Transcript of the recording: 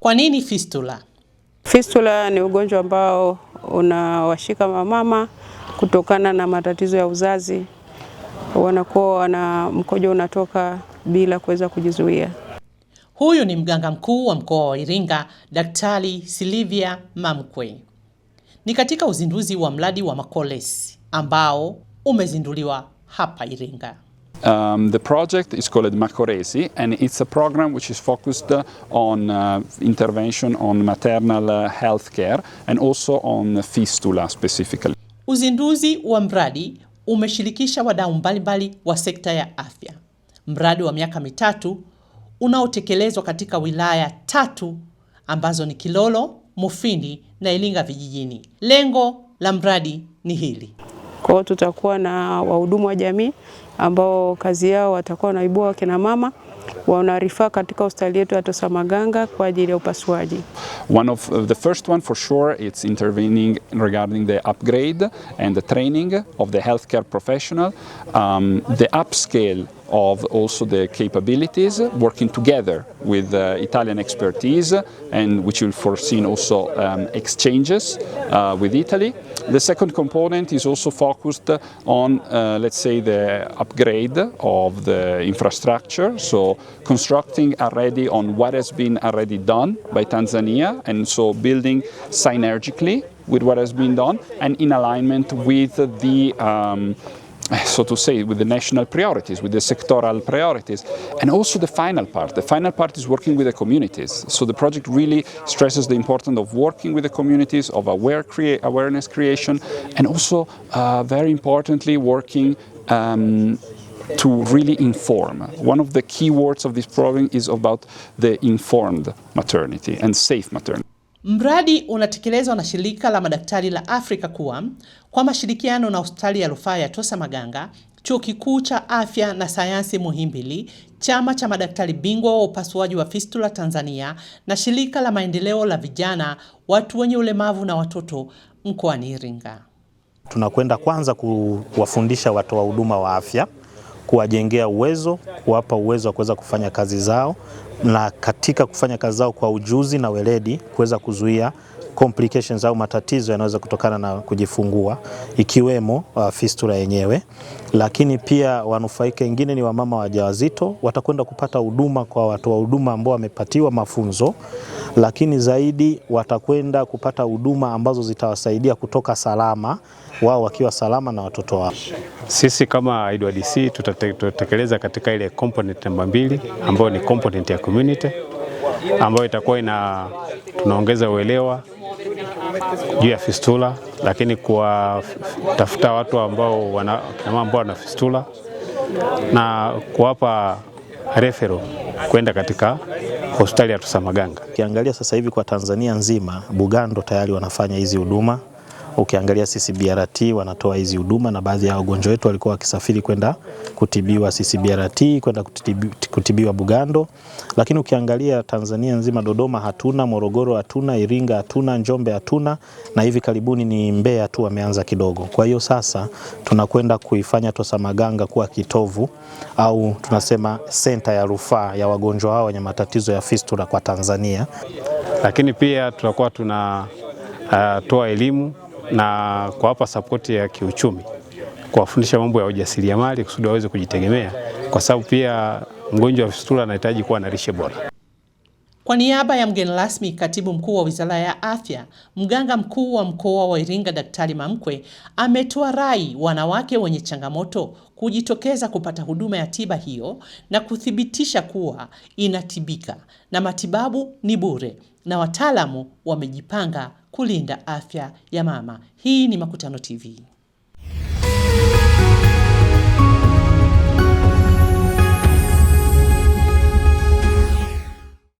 Kwa nini fistula? Fistula ni ugonjwa ambao unawashika mamama kutokana na matatizo ya uzazi, wanakuwa wana mkojo unatoka bila kuweza kujizuia. Huyu ni mganga mkuu wa mkoa wa Iringa, Daktari Silvia Mamkwe. Ni katika uzinduzi wa mradi wa Makolesi ambao umezinduliwa hapa Iringa. Um, the project is called Macoresi and it's a program which is focused uh, on uh, intervention on maternal uh, health care and also on fistula specifically. Uzinduzi wa mradi umeshirikisha wadau mbalimbali wa sekta ya afya. Mradi wa miaka mitatu unaotekelezwa katika wilaya tatu ambazo ni Kilolo, Mufindi na Ilinga vijijini. Lengo la mradi ni hili. Kwa hiyo tutakuwa na wahudumu wa jamii ambao kazi yao watakuwa wanaibua wakina mama wanarifa katika hospitali yetu ya Tosamaganga kwa ajili ya upasuaji. One of uh, the first one for sure it's intervening regarding the upgrade and the training of the healthcare professional um, the upscale of also the capabilities, working together with uh, Italian expertise, and which will foresee also um, exchanges uh, with Italy. The second component is also focused on, uh, let's say, the upgrade of the infrastructure, so constructing already on what has been already done by Tanzania, and so building synergically with what has been done and in alignment with the um, so to say, with the national priorities, with the sectoral priorities, and also the final part. The final part is working with the communities. So the project really stresses the importance of working with the communities, of aware crea awareness creation, and also, uh, very importantly, working. Um, to really inform. One of the key words of this program is about the informed maternity and safe maternity. Mradi unatekelezwa na Shirika la Madaktari la Afrika kuwa kwa mashirikiano na Hospitali ya Rufaa ya Tosa Maganga, Chuo Kikuu cha Afya na Sayansi Muhimbili, Chama cha Madaktari Bingwa wa Upasuaji wa Fistula Tanzania na Shirika la Maendeleo la Vijana, Watu wenye Ulemavu na Watoto mkoani Iringa. Tunakwenda kwanza kuwafundisha watoa huduma wa afya kuwajengea uwezo, kuwapa uwezo wa kuweza kufanya kazi zao, na katika kufanya kazi zao kwa ujuzi na weledi kuweza kuzuia complications au matatizo yanaweza kutokana na kujifungua ikiwemo uh, fistula yenyewe, lakini pia wanufaika wengine ni wamama wajawazito, watakwenda kupata huduma kwa watoa huduma ambao wamepatiwa mafunzo, lakini zaidi watakwenda kupata huduma ambazo zitawasaidia kutoka salama, wao wakiwa salama na watoto wao. Sisi kama DC tutatekeleza katika ile component namba mbili ambayo ni component ya community ambayo itakuwa ina tunaongeza uelewa juu ya fistula, lakini kuwatafuta watu ambao wana kinamama ambao wana fistula na kuwapa refero kwenda katika hospitali ya Tosamaganga. Ukiangalia sasa hivi kwa Tanzania nzima, Bugando tayari wanafanya hizi huduma. Ukiangalia CCBRT wanatoa hizi huduma, na baadhi ya wagonjwa wetu walikuwa wakisafiri kwenda kutibiwa CCBRT, kwenda kutibiwa, kutibiwa Bugando. Lakini ukiangalia Tanzania nzima, Dodoma hatuna, Morogoro hatuna, Iringa hatuna, Njombe hatuna, na hivi karibuni ni Mbeya tu wameanza kidogo. Kwa hiyo sasa tunakwenda kuifanya Tosamaganga kuwa kitovu au tunasema senta ya rufaa ya wagonjwa hao wenye matatizo ya fistula kwa Tanzania. Lakini pia tutakuwa tunatoa uh, elimu na kuwapa sapoti ya kiuchumi, kuwafundisha mambo ya ujasiriamali kusudi waweze kujitegemea, kwa sababu pia mgonjwa wa fistula anahitaji kuwa na lishe bora. Kwa niaba ya mgeni rasmi, katibu mkuu wa Wizara ya Afya, mganga mkuu wa mkoa wa Iringa, Daktari Mamkwe ametoa rai wanawake wenye changamoto kujitokeza kupata huduma ya tiba hiyo na kuthibitisha kuwa inatibika na matibabu ni bure na wataalamu wamejipanga kulinda afya ya mama. Hii ni Makutano TV.